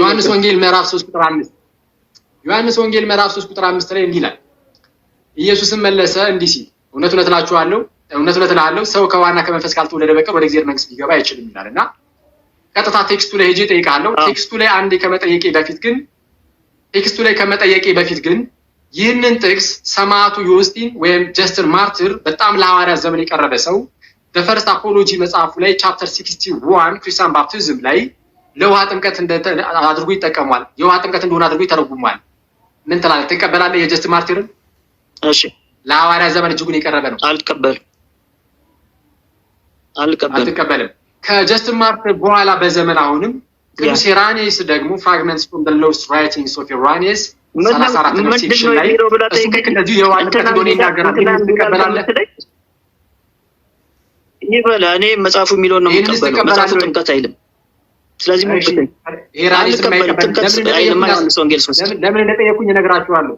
ዮሐንስ ወንጌል ምዕራፍ 3 ቁጥር 5 ዮሐንስ ወንጌል ምዕራፍ 3 ቁጥር 5 ላይ እንዲህ ይላል። ኢየሱስም መለሰ እንዲህ ሲል እውነት እውነት እላችኋለሁ እውነት እውነት እላለሁ ሰው ከዋና ከመንፈስ ካልተወለደ በቀር ወደ እግዚአብሔር መንግስት ሊገባ አይችልም ይላል እና ቀጥታ ቴክስቱ ላይ ሄጄ ጠይቃለሁ። ቴክስቱ ላይ አንዴ ከመጠየቄ በፊት ግን ቴክስቱ ላይ ከመጠየቄ በፊት ግን ይህንን ጥቅስ ሰማዕቱ ዮስቲን ወይም ጀስትን ማርትር በጣም ለሐዋርያ ዘመን የቀረበ ሰው በፈርስት አፖሎጂ መጽሐፉ ላይ ቻፕተር 61 ክርስቲያን ባፕቲዝም ላይ ለውሃ ጥምቀት አድርጎ ይጠቀሟል። የውሃ ጥምቀት እንደሆነ አድርጎ ይተረጉሟል። ምን ትላለህ? ትቀበላለህ? የጀስት ማርቲርን? እሺ፣ ለሐዋርያ ዘመን እጅጉን የቀረበ ነው። አልቀበልም፣ አልቀበልም፣ አልቀበልም። ከጀስት ማርቲር በኋላ በዘመን አሁንም ቅዱስ ሄራኔስ ደግሞ ፍራግመንትስ ፍሮም ዘ ሎስት ራይቲንግስ ኦፍ ሄራኔስ ሰላሳ አራት እኔ መጽሐፉ የሚለውን ነው የምቀበለው። መጽሐፉ ጥምቀት አይልም ስለዚህ ለምን እንደጠየኩኝ እነግራችኋለሁ።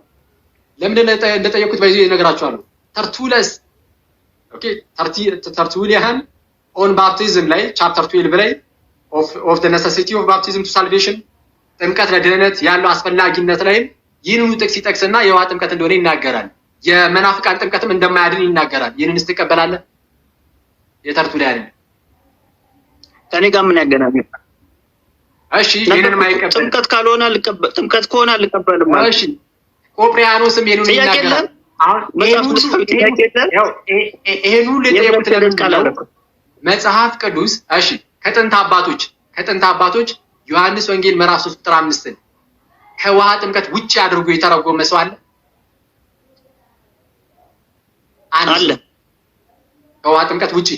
ለምን እንደጠየኩት በዚህ እነግራችኋለሁ። ተርቱለስ ተርቱሊያን ኦን ባፕቲዝም ላይ ቻፕተር ትዌልቭ ላይ ኦፍ ደ ነሰሲቲ ኦፍ ባፕቲዝም ቱ ሳልቬሽን ጥምቀት ለድህነት ያለው አስፈላጊነት ላይም ይህንኑ ጥቅስ ይጠቅስና የውሃ ጥምቀት እንደሆነ ይናገራል። የመናፍቃን ጥምቀትም እንደማያድን ይናገራል። ይህንንስ ትቀበላለህ? የተርቱሊያንን ከኔ ጋር ምን ያገናኛል? እሺ ይሄንን ማይቀበል ጥምቀት ካልሆነ አልቀበል ጥምቀት ከሆነ አልቀበልም ማለት እሺ ቆጵሪያኖስም ይሄንን ይናገራል አሁን ይሄን ሁሉ መጽሐፍ ቅዱስ እሺ ከጥንት አባቶች ከጥንት አባቶች ዮሐንስ ወንጌል ምዕራፍ 3 ቁጥር 5 ከውሃ ጥምቀት ውጪ አድርጎ የተረጎመ ሰው አለ አለ ከውሃ ጥምቀት ውጪ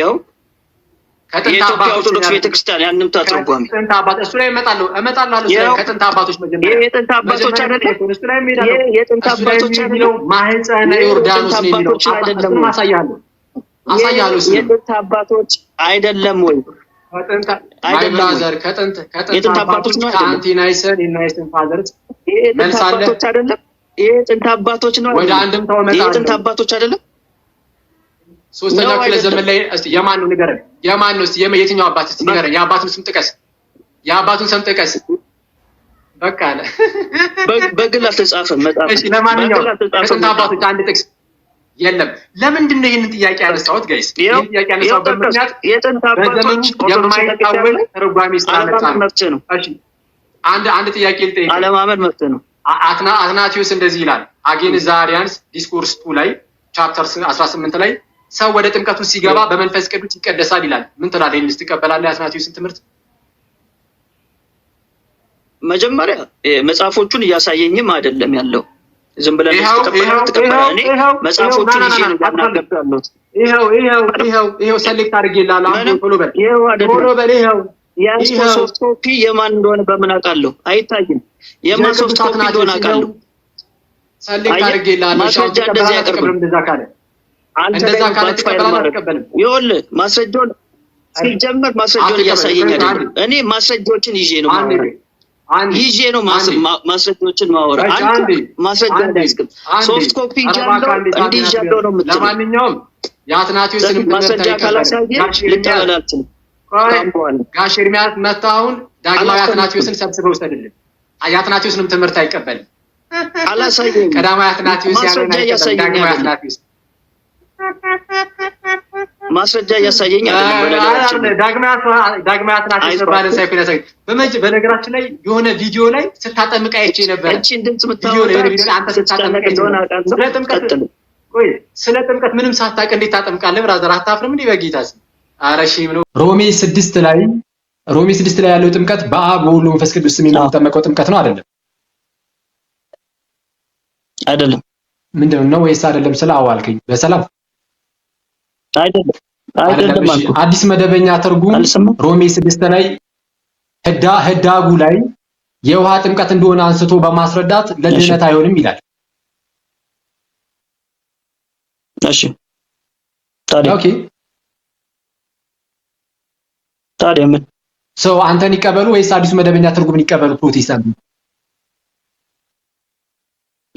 ያው የኢትዮጵያ ኦርቶዶክስ ቤተክርስቲያን ያንም ተተርጓሚ እሱ ላይ እመጣለሁ እመጣለሁ ከጥንት አባቶች አይደለም፣ ነው ወይ የጥንት አባቶች ነው ወደ አንድም ተወመጣ አባቶች አይደለም ሶስተኛው ክፍለ ዘመን ላይ እስቲ የማን ነው ንገረን። የማን ነው? እስቲ የትኛው አባት እስቲ ንገረን። የአባቱን ስም ጥቀስ። የአባቱን ስም ጥቀስ። በቃ አለ። በግል አልተጻፈም መጽሐፍ። እሺ፣ ለማንኛውም ከስንት አባቶች አንድ ጥቅስ የለም። ለምንድን ነው ይህንን ጥያቄ ያነሳሁት? ጋይስ፣ ይህን ጥያቄ ያነሳሁት በምክንያት በዘመኑ የማይታወቅ ትርጓሜ ስላመጣ ነው። እሺ፣ አንድ አንድ ጥያቄ ልጠይቅ። አለማመን መፍትሄ ነው። አትናቲዮስ እንደዚህ ይላል አጌን ዛሪያንስ ዲስኮርስ ቱ ላይ ቻፕተር 18 ላይ ሰው ወደ ጥምቀቱ ሲገባ በመንፈስ ቅዱስ ይቀደሳል ይላል። ምን ትላለህ? ይህን ትቀበላለህ? የአትናቴዎስን ትምህርት መጀመሪያ መጽሐፎቹን እያሳየኝም አይደለም ያለው ዝም ብለን መጽሐፎቹን ይኸው ሰሌክት አድርጌልሃለሁ። የያዝከው ሶፍት ኮፒ የማን እንደሆነ በምን አውቃለሁ? አይታይም። የማን ሶፍት ኮፒ እንደሆነ አውቃለሁ። ማስረጃ እንደዚህ ያቀርብም እንደዛ ካለ ተቀበላል አልቀበልም። ይኸውልህ ማስረጃውን ሲጀመር ማስረጃውን እያሳየኝ አይደለም። እኔ ማስረጃዎችን ይዤ ነው ይዤ ነው ማስረጃዎችን ማወራ አንድ ማስረጃ ሶፍት ኮፒ እንዲህ ነው የምትለው። ለማንኛውም ማስረጃ ካላሳየ ጋሽ ኤርሚያስ መታሁን ዳግማዊ ውሰድልን። ትምህርት አይቀበልም። አላሳየኝ ቀዳማዊ ያለ ዳግማዊ አትናቲዎስ ማስረጃ እያሳየኝ በነገራችን ላይ የሆነ ቪዲዮ ላይ ስታጠምቅ አይቼ ነበር። ስለ ጥምቀት ምንም ሳታውቅ እንዴት ታጠምቃለህ? ብራዘር አታፍርም? እንዲህ በጌታስ አረሺ ነው። ሮሜ ስድስት ላይ ሮሜ ስድስት ላይ ያለው ጥምቀት በአብ በወልድ መንፈስ ቅዱስ ስም የሚጠመቀው ጥምቀት ነው አይደለም? አይደለም ምንድን ነው ወይስ አይደለም? ስለ አዋልከኝ በሰላም አይደለም አዲስ መደበኛ ትርጉም ሮሜ ስድስት ላይ ህዳ ህዳጉ ላይ የውሃ ጥምቀት እንደሆነ አንስቶ በማስረዳት ለድህነት አይሆንም ይላል። እሺ ታዲያ ኦኬ ታዲያ ምን ሰው አንተን ይቀበሉ ወይስ አዲሱ መደበኛ ትርጉምን ይቀበሉ? ፕሮቴስታንት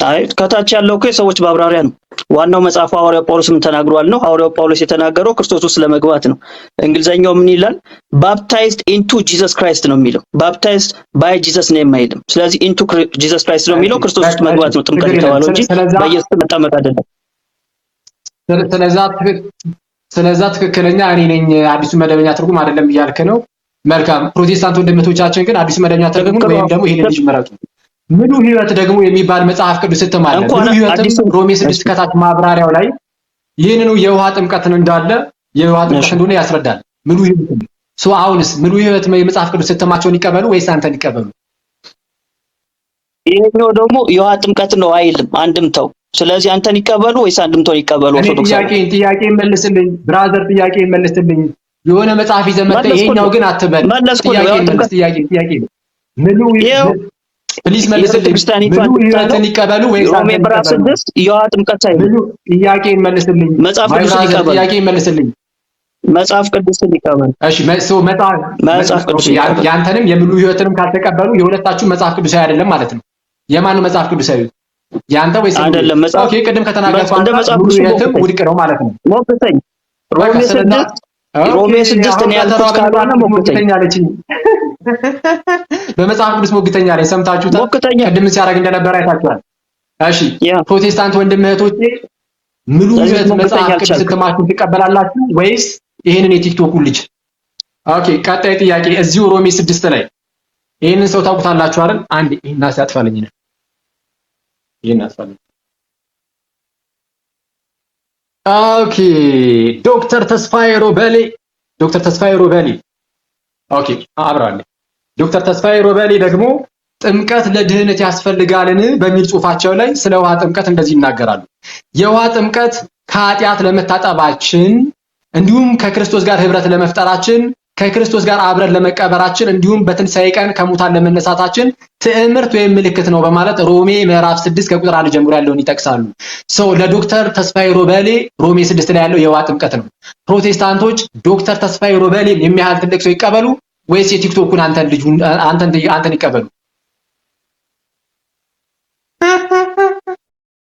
አይ ከታች ያለው እኮ የሰዎች ማብራሪያ ነው። ዋናው መጽሐፉ ሐዋርያው ጳውሎስም ተናግሯል ነው። ሐዋርያው ጳውሎስ የተናገረው ክርስቶስ ውስጥ ለመግባት ነው። እንግሊዘኛው ምን ይላል? ባፕታይዝድ ኢንቱ ጂሰስ ክራይስት ነው የሚለው። ባፕታይዝድ ባይ ጂሰስ ኔም አይሄድም። ስለዚህ ኢንቱ ጂሰስ ክራይስት ነው የሚለው ክርስቶስ ውስጥ መግባት ነው ጥምቀት የተባለው እንጂ በኢየሱስ መጠመቅ አይደለም። ስለዛ ትክክለኛ እኔ ነኝ አዲሱ መደበኛ ትርጉም አይደለም እያልክ ነው። መልካም ፕሮቴስታንት ወንድምቶቻችን ግን አዲሱ መደበኛ ትርጉም ወይም ደግሞ ይሄን ልጅ መረጡ። ምሉ ህይወት ደግሞ የሚባል መጽሐፍ ቅዱስ እትም አለ። ምሉ ሕይወትም ሮሜ ስድስት ከታች ማብራሪያው ላይ ይህንኑ የውሃ ጥምቀትን እንዳለ የውሃ ጥምቀት እንደሆነ ያስረዳል። ምሉ ህይወት ነው። አሁንስ ምሉ ሕይወት የመጽሐፍ ቅዱስ እትማቸውን ይቀበሉ ወይስ አንተን ይቀበሉ? ይሄኛው ደግሞ የውሃ ጥምቀት ነው አይልም አንድምታው። ስለዚህ አንተን ይቀበሉ ወይስ አንድምታውን ይቀበሉ? ኦርቶዶክስ ጥያቄ ጥያቄ መልስልኝ ብራዘር፣ ጥያቄ መልስልኝ። የሆነ መጽሐፍ ይዘህ ይሄኛው ግን አትበል። መለስኩ ነው ጥያቄ ጥያቄ ምሉ ፕሊዝ መልስልኝ። ይቀበሉ ወይ ሮሜ ምዕራፍ ስድስት የውሃ ጥምቀት ሳይሆን ጥያቄ መልስልኝ። መጽሐፍ ቅዱስ ይቀበል። ጥያቄ መልስልኝ። መጽሐፍ ቅዱስን ይቀበል። እሺ፣ መጽሐፍ ቅዱስ ያንተንም የምሉ ህይወትንም ካልተቀበሉ የሁለታችሁ መጽሐፍ ቅዱሳዊ አይደለም ማለት ነው። የማን መጽሐፍ ቅዱሳዊ? ያንተ ወይስ አይደለም? መጽሐፍ ኦኬ፣ ቅድም ከተናገርኩ እንደ መጽሐፍ ቅዱስ ህይወትም ውድቅ ነው ማለት ነው። ሞክተኝ ሮሜ ስድስት ሮሜ ስድስት እኔ ያልኩት ካልሆነ ሞክተኝ አለችኝ። በመጽሐፍ ቅዱስ ሞግተኛ ላይ ሰምታችሁ ሞግተኛ ቅድም ሲያደርግ እንደነበረ አይታችኋል። እሺ ፕሮቴስታንት ወንድም እህቶቼ ሙሉ ይዘት መጽሐፍ ቅዱስ ትምህርቱን ትቀበላላችሁ ወይስ ይሄንን የቲክቶኩ ልጅ? ኦኬ ቀጣይ ጥያቄ እዚሁ ሮሜ ስድስት ላይ ይሄንን ሰው ታውቁታላችሁ አይደል? አንድ ይሄን ሲያጥፋልኝ ነው ይሄን ያጥፋልኝ። ኦኬ ዶክተር ተስፋዬ ሮበሌ ዶክተር ተስፋዬ ሮበሌ ኦኬ አብራለሁ ዶክተር ተስፋዬ ሮበሌ ደግሞ ጥምቀት ለድህነት ያስፈልጋልን በሚል ጽሁፋቸው ላይ ስለ ውሃ ጥምቀት እንደዚህ ይናገራሉ። የውሃ ጥምቀት ከኃጢአት ለመታጠባችን እንዲሁም ከክርስቶስ ጋር ህብረት ለመፍጠራችን ከክርስቶስ ጋር አብረን ለመቀበራችን እንዲሁም በትንሣኤ ቀን ከሙታን ለመነሳታችን ትዕምርት ወይም ምልክት ነው በማለት ሮሜ ምዕራፍ ስድስት ከቁጥር አንድ ጀምሮ ያለውን ይጠቅሳሉ። ሰው ለዶክተር ተስፋዬ ሮበሌ ሮሜ ስድስት ላይ ያለው የውሃ ጥምቀት ነው። ፕሮቴስታንቶች ዶክተር ተስፋዬ ሮበሌን የሚያህል ትልቅ ሰው ይቀበሉ ወይስ የቲክቶኩን አንተን ልጁን አንተን አንተን ይቀበሉ?